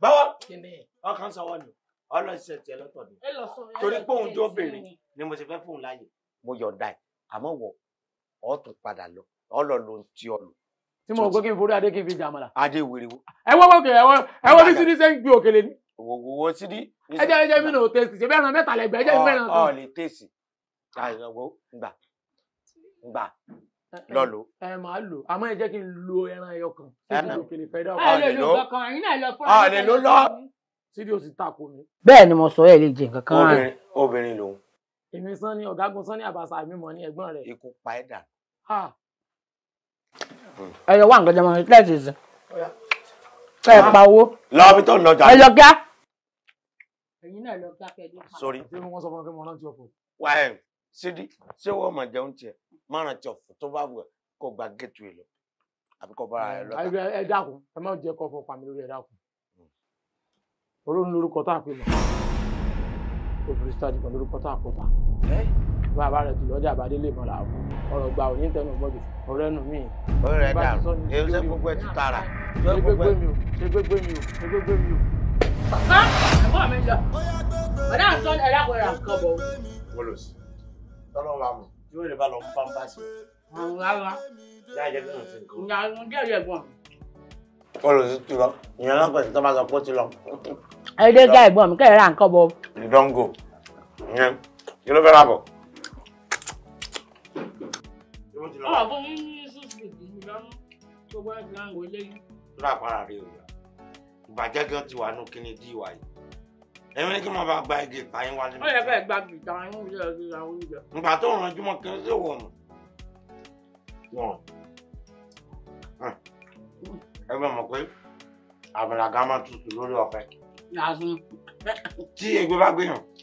báwa ọkàn sọ wọn ni ọlọsẹ tiẹ lọ́tọ̀ ni torí pé òun jó bèrè ni mo ti fẹ́ fóun láàyè mo yọ̀ǹda ẹ̀ àmọ́ wọ ọ tún padà lọ ọ lọ lóun tí ọ lò. tí mo gbé kí n forí adé kí n fi jà mọ́ra. adé wèrè wo. ẹ wọ́n wọ́n kìlẹ̀ ẹ wọ́n bí sídí ṣe ń gbé òkèlè ni. òwò wo sídí. ẹ jẹ́ ẹ jẹ́ mi náà tẹ̀sí ṣe bẹ́ẹ̀ ràn mẹ́ta lẹ́gbẹ̀ẹ́ ẹ jẹ́ mi náà tẹ̀sí. ọ lè tẹ̀sí lọ lò. ẹ máa lò àmọ́ ẹ jẹ́ kí n lo ẹran ẹyọ kan síbi òkèlè fẹ́ dà. ẹ lè lo kankan ẹ̀yin náà lọ fún ọ. lè ló lọ. síbi òsì takò mi. bẹ́ẹ̀ ni mo sọ ẹ lè jẹ nǹkan kan rẹ. obìnrin lòun. èmi sán ni ọ̀gágun sán ni àbàṣà mi mọ̀ ni ẹ̀gbọ́n rẹ̀. ikú pa ẹ̀ dà. ẹyọ wà nǹkan jẹ mọ lẹ́sìn sí. ẹ pa owó. lọ́ọ́ bí tó ń lọ jà. ẹ lọ gá ẹ̀yin náà lọ gbá pẹ̀lú ìpàdé. sori tí wọ́n sọ fún mi pé mo rántí ọkọ̀. wáyé sídi ṣé wọ́n mọ̀ jẹun tiẹ̀ márùn tí ọ̀fọ̀ tó bá wù ẹ́ kó gba gẹ́tù ẹ̀ lọ àbí kó bára ẹ lọ́ta. ẹ dákun ẹ má jẹ́ kọ́ fún pàmì lórí ẹ dákun hmm. olóhùn lórúkọ tá à pè mọ́ obìnrin sítájì kan lórúkọ tá à pọ̀ ta bàbá rẹ̀ tìlọ́ dé àbádé lè mọ̀lá àwọn ọ̀rọ̀ gba òní tẹnu gbọ́dọ̀ ọ̀rẹ́ nù mí. ọ̀rẹ́ dà èyí ṣe gbogbo ẹ̀ tún tara. ṣé gbégbé mi o ṣé gbégbé mi o ṣé gbégbé mi o. bàbá ẹ̀gbọ́n mi lọ bàdá àtọ́ ẹ̀rọ àpẹẹrẹ àkọ́bọ̀ wọlọsí tọ́lọ́run wa mọ̀ tí bá lọ mú pápá sí. àwọn ìyá ìjẹ́bí náà ti nǹkan. ìyá àwọn díẹ̀ yẹ gbọ́n mi. ti lọ ìyẹn náà pẹ̀lú tó sọ pé ó ti lọ. ẹ dé mi kẹ́ ẹ̀ bọ. ìdánwò ìyẹn kí ló fẹ́ rà bọ̀. ọ̀rọ̀ mi ní sísè ìdáná tó bá ìdáná wọlé yìí. ìbàjẹ́ gan ti wà nù kíni dí ìwà èmi ní kí mo bá gba igi ìtayín wálé. ó yẹ kẹ́ ẹ gba igi ìtayín wúlé ẹ gíga oúnjẹ. ìgbà tó ràn jùmọ̀ kí n sì wọ̀ mọ̀. wọ̀n ẹ bẹ mọ̀ pé àbàlàgà máa tutù lórí ọ̀fẹ́. tí egbò bá gbìyànjú.